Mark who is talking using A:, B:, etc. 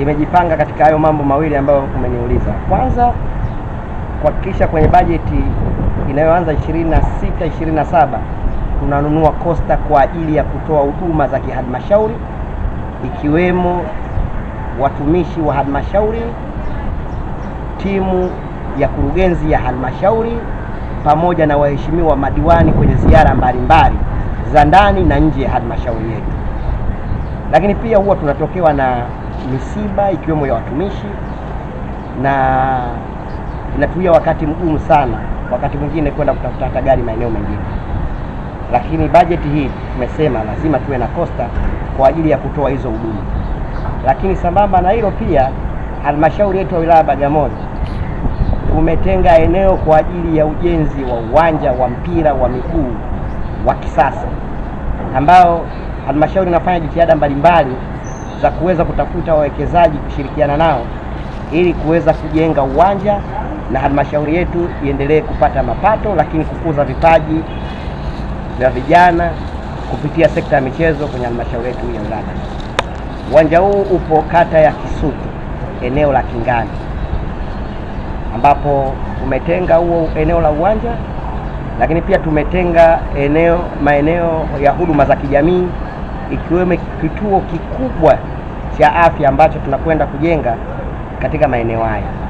A: imejipanga katika hayo mambo mawili ambayo umeniuliza. Kwanza, kuhakikisha kwenye bajeti inayoanza 26 27 tunanunua kosta kwa ajili ya kutoa huduma za kihalmashauri ikiwemo watumishi wa halmashauri, timu ya kurugenzi ya halmashauri pamoja na waheshimiwa madiwani kwenye ziara mbalimbali za ndani na nje ya halmashauri yetu. Lakini pia huwa tunatokewa na misiba ikiwemo ya watumishi, na inatuia wakati mgumu sana, wakati mwingine kwenda kutafuta hata gari maeneo mengine. Lakini bajeti hii tumesema lazima tuwe na kosta kwa ajili ya kutoa hizo huduma. Lakini sambamba na hilo pia, halmashauri yetu ya wilaya ya Bagamoyo umetenga eneo kwa ajili ya ujenzi wa uwanja wa mpira wa miguu wa kisasa ambao halmashauri inafanya jitihada mbalimbali za kuweza kutafuta wawekezaji kushirikiana nao ili kuweza kujenga uwanja na halmashauri yetu iendelee kupata mapato, lakini kukuza vipaji vya vijana kupitia sekta ya michezo kwenye halmashauri yetu ya Ilala. Uwanja huu upo kata ya Kisutu, eneo la Kingani, ambapo tumetenga huo eneo la uwanja, lakini pia tumetenga eneo maeneo ya huduma za kijamii ikiwemo kituo kikubwa cha afya ambacho tunakwenda kujenga katika maeneo haya.